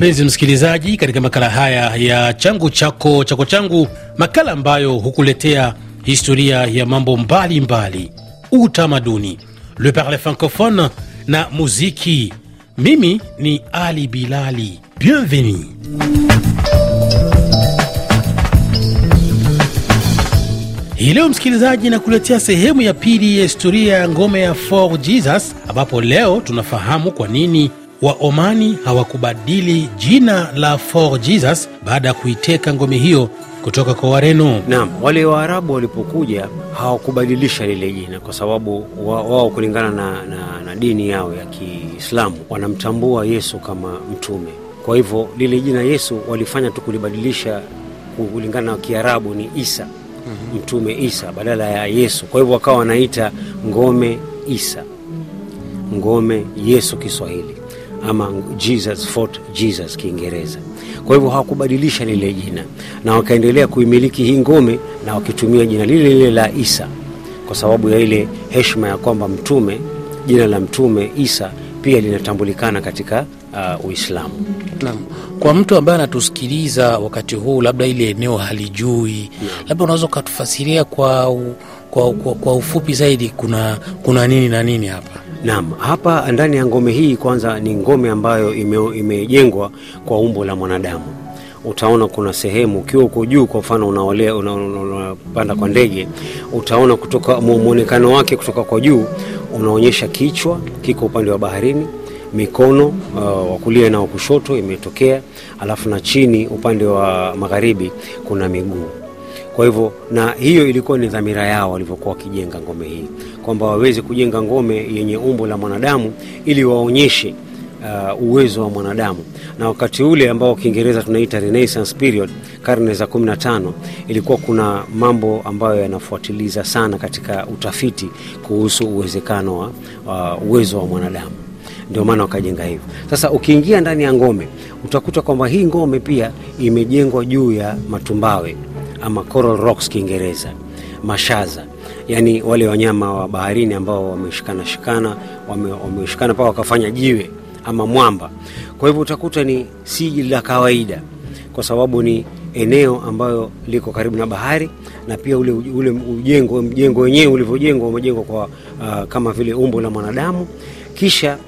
mpenzi msikilizaji, katika makala haya ya changu chako chako changu, makala ambayo hukuletea historia ya mambo mbalimbali, utamaduni, le parle francophone na muziki. Mimi ni Ali Bilali, bienvenue. Hii leo msikilizaji, nakuletea sehemu ya pili ya historia ya ngome ya For Jesus, ambapo leo tunafahamu kwa nini wa Omani hawakubadili jina la for Jesus baada ya kuiteka ngome hiyo kutoka kwa Wareno. Naam, wale Waarabu walipokuja hawakubadilisha lile jina kwa sababu wao wa kulingana na, na, na dini yao ya Kiislamu wanamtambua Yesu kama mtume. Kwa hivyo lile jina Yesu walifanya tu kulibadilisha kulingana na Kiarabu ni Isa mhm. mtume Isa badala ya Yesu. Kwa hivyo wakawa wanaita ngome Isa, ngome Yesu Kiswahili ama Jesus Fort Jesus Kiingereza. Kwa hivyo hawakubadilisha lile jina na wakaendelea kuimiliki hii ngome na wakitumia jina lile lile la Isa kwa sababu ya ile heshima ya kwamba mtume, jina la mtume Isa pia linatambulikana katika uh, Uislamu. Kwa mtu ambaye anatusikiliza wakati huu, labda ile eneo halijui, labda unaweza ukatufasiria kwa, kwa, kwa, kwa ufupi zaidi, kuna, kuna nini na nini hapa? Naam, hapa ndani ya ngome hii kwanza ni ngome ambayo imejengwa ime kwa umbo la mwanadamu. Utaona kuna sehemu ukiwa huko juu, kwa mfano unaolea unapanda kwa ndege, utaona kutoka mwonekano wake kutoka kwa juu unaonyesha kichwa kiko upande wa baharini, mikono uh, wa kulia na wa kushoto imetokea, alafu na chini upande wa magharibi kuna miguu. Kwa hivyo, na hiyo ilikuwa ni dhamira yao walivyokuwa wakijenga ngome hii, kwamba waweze kujenga ngome yenye umbo la mwanadamu ili waonyeshe Uh, uwezo wa mwanadamu na wakati ule ambao Kiingereza tunaita Renaissance period, karne za 15, ilikuwa kuna mambo ambayo yanafuatiliza sana katika utafiti kuhusu uwezekano wa uh, uwezo wa mwanadamu, ndio maana wakajenga hivyo. Sasa ukiingia ndani ya ngome utakuta kwamba hii ngome pia imejengwa juu ya matumbawe ama coral rocks Kiingereza, mashaza, yaani wale wanyama wa baharini ambao wameshikana shikana, wameshikana mpaka wakafanya jiwe ama mwamba. Kwa hivyo utakuta ni si la kawaida, kwa sababu ni eneo ambayo liko karibu na bahari na pia ule, ule ujengo mjengo wenyewe ulivyojengwa umejengwa kwa uh, kama vile umbo la mwanadamu kisha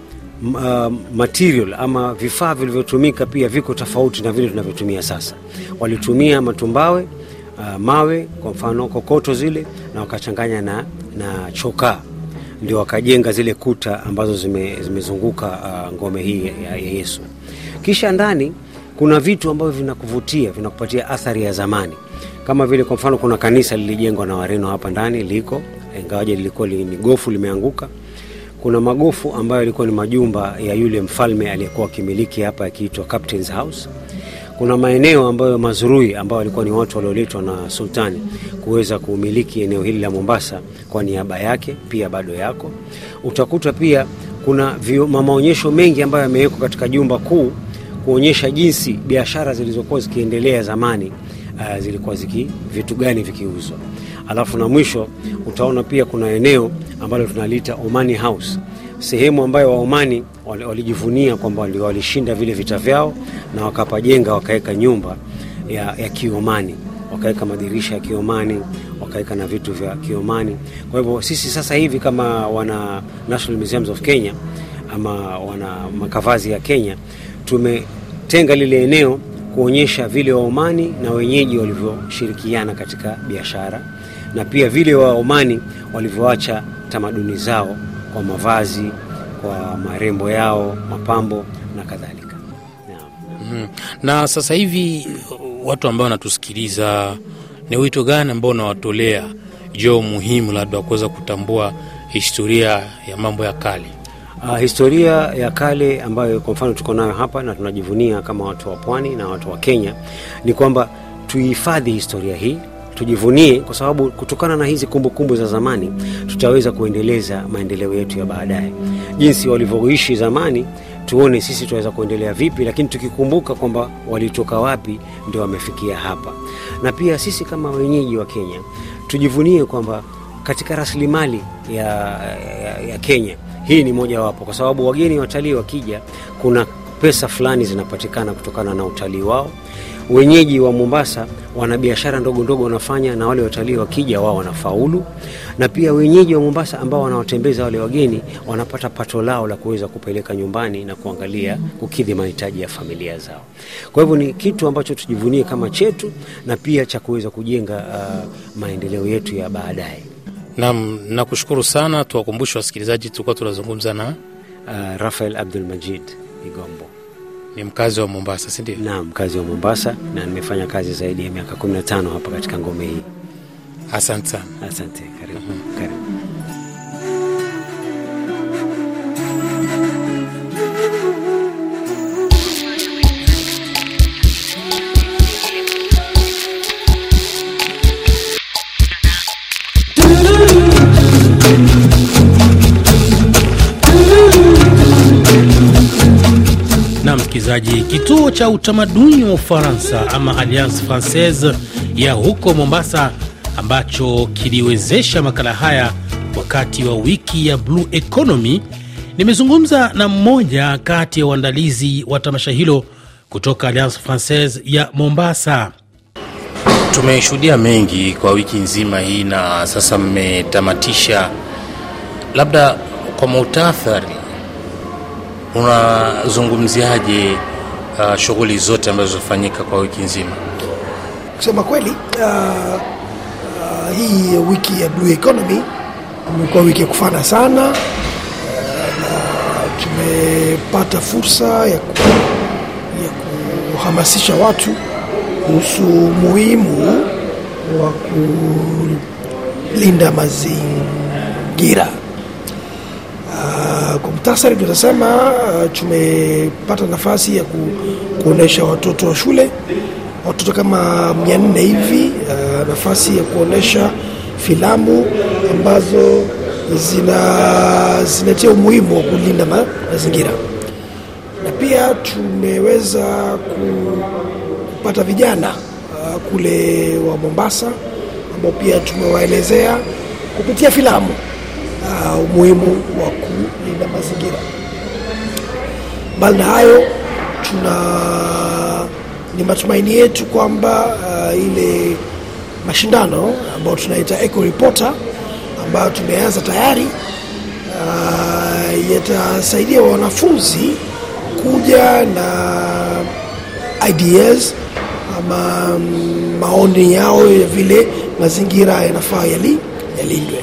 Uh, material ama vifaa vilivyotumika pia viko tofauti na vile tunavyotumia sasa. Walitumia matumbawe Uh, mawe kwa mfano kokoto zile, na wakachanganya na, na chokaa ndio wakajenga zile kuta ambazo zime, zimezunguka uh, ngome hii ya, ya Yesu. Kisha ndani kuna vitu ambavyo vinakuvutia vinakupatia athari ya zamani, kama vile kwa mfano kuna kanisa lilijengwa na Wareno hapa ndani liko, ingawaje lilikuwa ni gofu limeanguka. Kuna magofu ambayo yalikuwa ni majumba ya yule mfalme aliyekuwa akimiliki hapa akiitwa Captain's House kuna maeneo ambayo mazurui ambao walikuwa ni watu walioletwa na sultani kuweza kumiliki eneo hili la Mombasa kwa niaba yake, pia bado yako. Utakuta pia kuna maonyesho mengi ambayo yamewekwa katika jumba kuu kuonyesha jinsi biashara zilizokuwa zikiendelea zamani, uh, zilikuwa ziki vitu gani vikiuzwa. Alafu na mwisho utaona pia kuna eneo ambalo tunaliita Omani House sehemu ambayo Waomani walijivunia kwamba walishinda vile vita vyao na wakapajenga, wakaweka nyumba ya, ya Kiomani, wakaweka madirisha ya Kiomani, wakaweka na vitu vya Kiomani. Kwa hivyo sisi sasa hivi kama wana National Museums of Kenya ama wana makavazi ya Kenya tumetenga lile eneo kuonyesha vile Waomani na wenyeji walivyoshirikiana katika biashara na pia vile Waomani walivyoacha tamaduni zao kwa mavazi, kwa marembo yao, mapambo na kadhalika. Mm-hmm. Na sasa hivi watu ambao wanatusikiliza, ni wito gani ambao unawatolea juu umuhimu labda wa kuweza kutambua historia ya mambo ya kale? Uh, historia ya kale ambayo kwa mfano tuko nayo hapa na tunajivunia kama watu wa pwani na watu wa Kenya ni kwamba tuihifadhi historia hii tujivunie, kwa sababu kutokana na hizi kumbukumbu za zamani tutaweza kuendeleza maendeleo yetu ya baadaye. Jinsi walivyoishi zamani, tuone sisi tunaweza kuendelea vipi, lakini tukikumbuka kwamba walitoka wapi ndio wamefikia hapa. Na pia sisi kama wenyeji wa Kenya tujivunie kwamba katika rasilimali ya, ya, ya Kenya hii ni mojawapo, kwa sababu wageni watalii wakija, kuna pesa fulani zinapatikana kutokana na utalii wao wenyeji wa Mombasa wana biashara ndogo ndogo wanafanya, na wale watalii wakija, wao wanafaulu, na pia wenyeji wa Mombasa ambao wanawatembeza wale wageni wanapata pato lao la kuweza kupeleka nyumbani na kuangalia kukidhi mahitaji ya familia zao. Kwa hivyo ni kitu ambacho tujivunie kama chetu na pia cha kuweza kujenga uh, maendeleo yetu ya baadaye. Naam, nakushukuru sana. Tuwakumbushe wasikilizaji, tulikuwa tunazungumza na uh, Rafael Abdul Majid Igombo. Ni mkazi wa Mombasa, si ndio? Naam, mkazi wa Mombasa na nimefanya kazi zaidi ya miaka 15 hapa katika ngome hii. Asante sana. Asante, karibu. Mhm. msikilizaji, kituo cha utamaduni wa Ufaransa ama Alliance Francaise ya huko Mombasa ambacho kiliwezesha makala haya wakati wa wiki ya Blue Economy, nimezungumza na mmoja kati ya uandalizi wa tamasha hilo kutoka Alliance Francaise ya Mombasa. Tumeshuhudia mengi kwa wiki nzima hii na sasa mmetamatisha, labda kwa muhtasari unazungumziaje uh, shughuli zote ambazo zinafanyika kwa wiki nzima? Kusema kweli, uh, uh, hii wiki ya Blue Economy imekuwa wiki ya kufana sana uh, na tumepata fursa ya, ku, ya kuhamasisha watu kuhusu umuhimu wa kulinda mazingira kwa muhtasari, tunasema uh, tumepata nafasi ya ku, kuonesha watoto wa shule watoto kama mia hivi uh, nafasi ya kuonesha filamu ambazo zina zinatia umuhimu wa kulinda mazingira, na pia tumeweza kupata vijana uh, kule wa Mombasa ambao pia tumewaelezea kupitia filamu uh, umuhimu wa kulinda mazingira. Mbali na hayo, tuna ni matumaini yetu kwamba uh, ile mashindano ambayo tunaita Eco Reporter ambayo tumeanza tayari uh, yatasaidia wanafunzi kuja na ideas ama um, maoni yao ya vile mazingira yanafaa yalindwe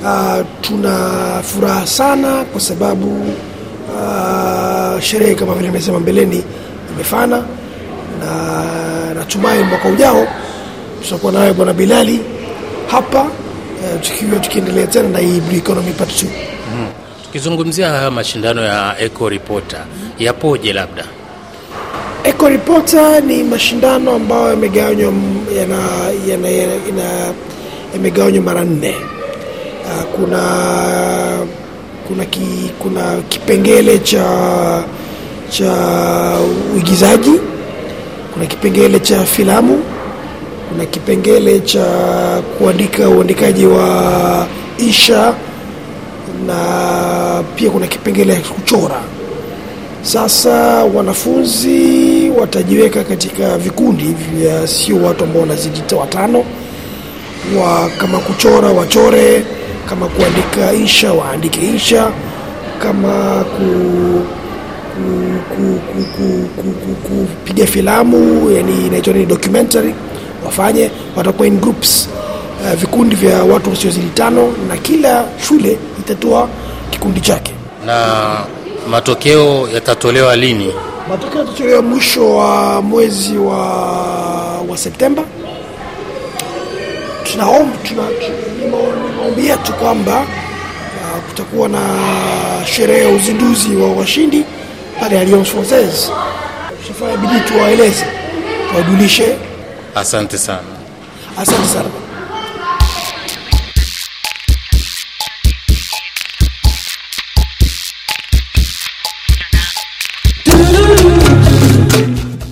Uh, tuna furaha sana kwa sababu uh, sherehe kama vile nimesema mbeleni imefana, na natumai mwaka ujao tutakuwa nayo Bwana Bilali hapa uh, tukiwa tukiendelea tena na hii Economy Part 2. Mm. Tukizungumzia haya mashindano ya Eco Reporter yapoje? Labda Eco Reporter ni mashindano ambayo yamegawanywa yana, yana, yamegawanywa mara nne Ah, kuna kuna, ki, kuna kipengele cha cha uigizaji, kuna kipengele cha filamu, kuna kipengele cha kuandika uandikaji wa isha na pia kuna kipengele cha kuchora. Sasa wanafunzi watajiweka katika vikundi vya, sio watu ambao wanazidi watano wa kama kuchora wachore kama kuandika insha waandike insha, kama ku kupiga filamu yani inaitwa ni documentary wafanye, watakuwa in groups uh, vikundi vya watu wasiozidi tano, na kila shule itatoa kikundi chake. Na matokeo yatatolewa lini? Matokeo yatatolewa mwisho wa mwezi wa, wa Septemba. Tunaomba tuna, tuna maombi yetu kwamba uh, kutakuwa na sherehe ya uzinduzi wa washindi pale Alliance Francaise. Tutafanya bidii tuwaeleze, tuwajulishe. Asante sana, asante sana.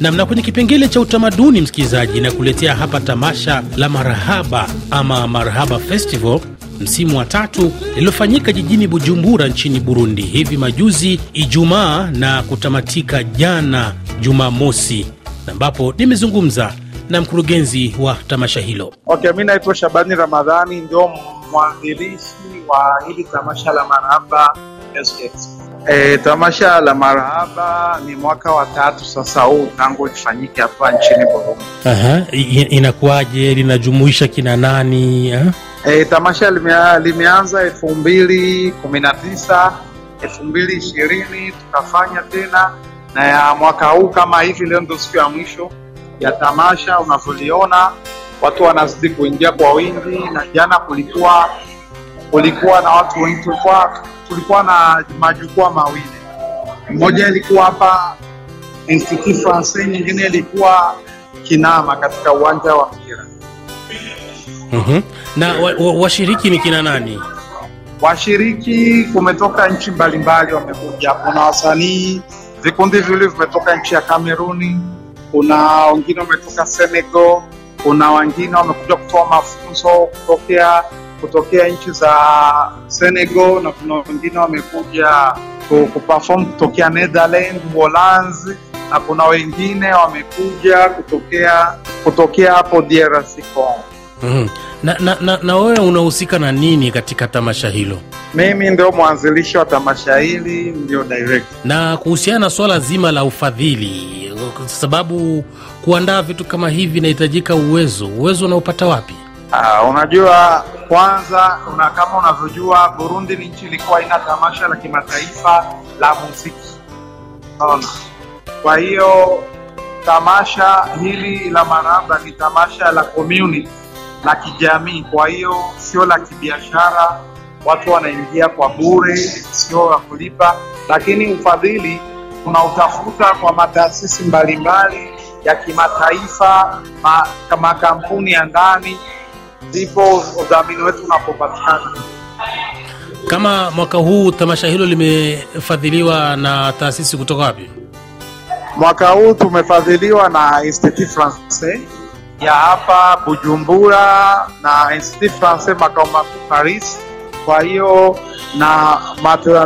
namna. Kwenye kipengele cha utamaduni, msikilizaji, inakuletea hapa tamasha la Marahaba ama Marahaba Festival msimu wa tatu lililofanyika jijini Bujumbura nchini Burundi hivi majuzi Ijumaa na kutamatika jana Jumamosi, ambapo nimezungumza na mkurugenzi wa tamasha hilo. Okay, mi naitwa Shabani Ramadhani, ndio mwanzilishi wa hili tamasha la Marahaba E, tamasha la Marahaba ni mwaka wa tatu sasa huu tangu lifanyike hapa nchini Burundi. Aha, inakuwaje? Linajumuisha kina nani? E, tamasha limea, limeanza elfu mbili kumi na tisa elfu mbili ishirini tukafanya tena na ya mwaka huu kama hivi leo ndio siku ya mwisho ya tamasha. Unavyoliona watu wanazidi kuingia kwa wingi, na jana kulikuwa kulikuwa na watu wengi kwa tulikuwa na majukwaa mawili, mmoja ilikuwa hapa Institut Francais, nyingine ilikuwa Kinama katika uwanja wa mpira. Mm-hmm. Na washiriki wa, wa ni kina nani? Washiriki kumetoka nchi mbalimbali wamekuja. Kuna wasanii vikundi viwili vimetoka nchi ya Kameruni, kuna wengine wametoka Senegal, kuna wengine wamekuja kutoa mafunzo kutokea kutokea nchi za Senegal na kuna wengine wamekuja kuperform kutokea Netherlands, Uholanzi na kuna wengine wamekuja kutokea kutokea hapo DRC Congo. Mm-hmm. Na, na, na, na wewe unahusika na nini katika tamasha hilo? Mimi ndio mwanzilishi wa tamasha hili, ndio direct. Na kuhusiana na swala zima la ufadhili, sababu kuandaa vitu kama hivi inahitajika uwezo. Uwezo unaopata wapi? Uh, unajua kwanza una, kama unavyojua Burundi ni nchi ilikuwa ina tamasha la kimataifa la muziki naona. Kwa hiyo tamasha hili la Maraba ni tamasha la community la kijamii, kwa hiyo sio la kibiashara. Watu wanaingia kwa bure, sio wa kulipa, lakini ufadhili tunautafuta kwa mataasisi mbalimbali ya kimataifa, makampuni ya ndani ndipo udhamini wetu unapopatikana. Kama mwaka huu tamasha hilo limefadhiliwa na taasisi kutoka wapi? Mwaka huu tumefadhiliwa na Institut Francais ya hapa Bujumbura na Institut Francais makao makuu Paris. Kwa hiyo na,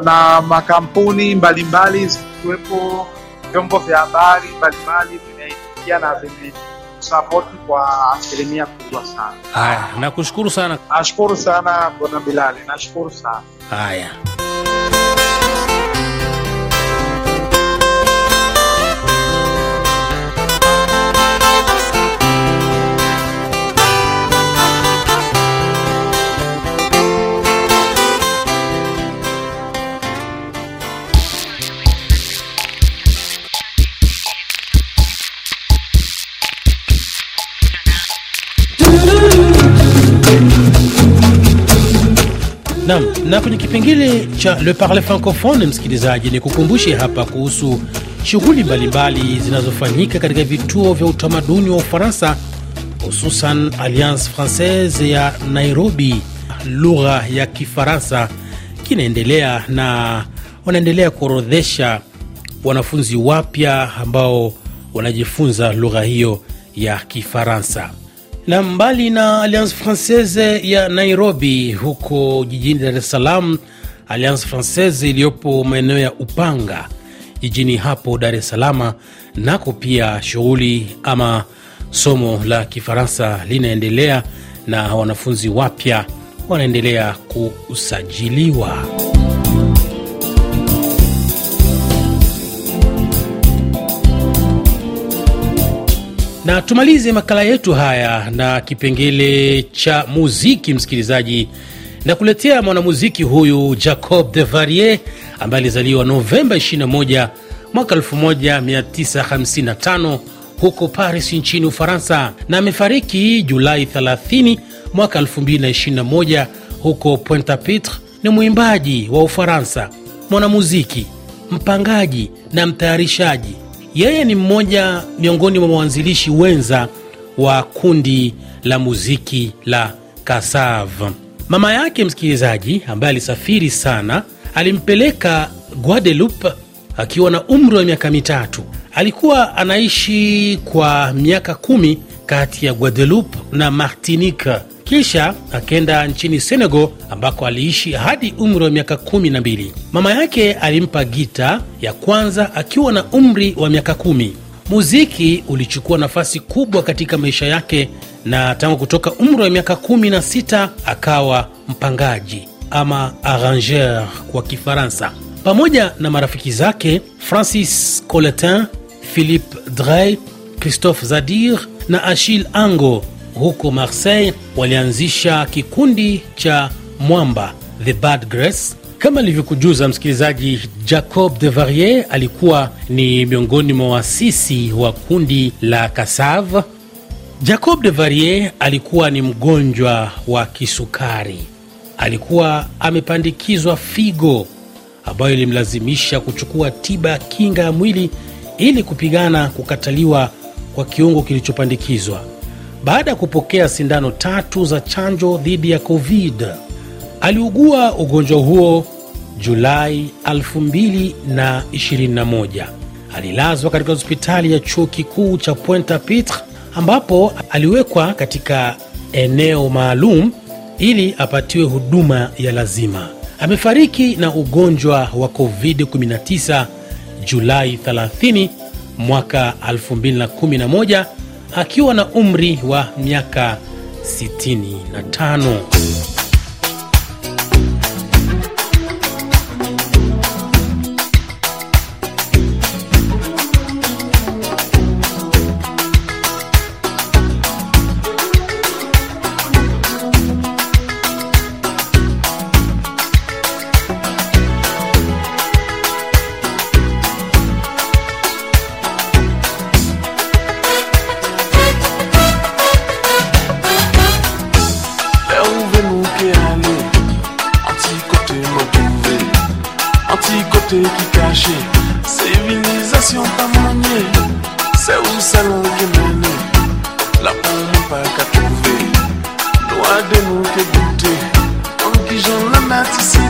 na makampuni mbalimbali zikiwepo vyombo vya habari mbalimbali vinaitikia na vime kutusapoti kwa asilimia kubwa sana. Haya, nakushukuru sana. Nashukuru sana bwana Bilali, nashukuru sana. Haya. Nam na kwenye kipengele cha Le Parle Francophone, msikilizaji, ni kukumbushe hapa kuhusu shughuli mbalimbali zinazofanyika katika vituo vya utamaduni wa Ufaransa, hususan Alliance Francaise ya Nairobi. Lugha ya Kifaransa kinaendelea na wanaendelea kuorodhesha wanafunzi wapya ambao wanajifunza lugha hiyo ya Kifaransa. Na mbali na Alliance Francaise ya Nairobi, huko jijini Dar es Salaam, Alliance Francaise iliyopo maeneo ya Upanga jijini hapo Dar es salama nako pia shughuli ama somo la Kifaransa linaendelea na wanafunzi wapya wanaendelea kusajiliwa. na tumalize makala yetu haya na kipengele cha muziki, msikilizaji na kuletea mwanamuziki huyu Jacob de Varier ambaye alizaliwa Novemba 21 mwaka 1955 huko Paris nchini Ufaransa na amefariki Julai 30 mwaka 2021 huko pointe pitre Ni mwimbaji wa Ufaransa, mwanamuziki, mpangaji na mtayarishaji yeye ni mmoja miongoni mwa mwanzilishi wenza wa kundi la muziki la Kasav. Mama yake msikilizaji, ambaye alisafiri sana, alimpeleka Guadeloupe akiwa na umri wa miaka mitatu. Alikuwa anaishi kwa miaka kumi kati ya Guadeloupe na Martinique kisha akenda nchini Senegal ambako aliishi hadi umri wa miaka kumi na mbili. Mama yake alimpa gita ya kwanza akiwa na umri wa miaka kumi. Muziki ulichukua nafasi kubwa katika maisha yake, na tangu kutoka umri wa miaka kumi na sita akawa mpangaji ama arrangeur kwa Kifaransa, pamoja na marafiki zake Francis Coletin, Philippe Drey, Christophe Zadir na Achille Ango huko Marseille walianzisha kikundi cha Mwamba The Bad Grace. Kama nilivyokujuza msikilizaji, Jacob de Varier alikuwa ni miongoni mwa wasisi wa kundi la Cassave. Jacob de Varier alikuwa ni mgonjwa wa kisukari, alikuwa amepandikizwa figo ambayo ilimlazimisha kuchukua tiba ya kinga ya mwili ili kupigana kukataliwa kwa kiungo kilichopandikizwa baada ya kupokea sindano tatu za chanjo dhidi ya COVID. Aliugua ugonjwa huo Julai 221 Alilazwa katika hospitali ya chuo kikuu cha Pointe Pitre ambapo aliwekwa katika eneo maalum ili apatiwe huduma ya lazima. Amefariki na ugonjwa wa COVID-19 Julai 30 mwaka akiwa na umri wa miaka 65. not to see.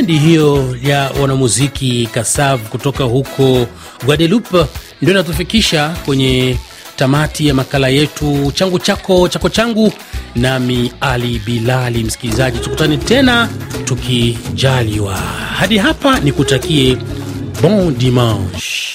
Bendi hiyo ya wanamuziki Kasav kutoka huko Guadeloupe ndio inatufikisha kwenye tamati ya makala yetu changu chako chako changu, nami Ali Bilali. Msikilizaji, tukutane tena tukijaliwa. Hadi hapa nikutakie bon dimanche.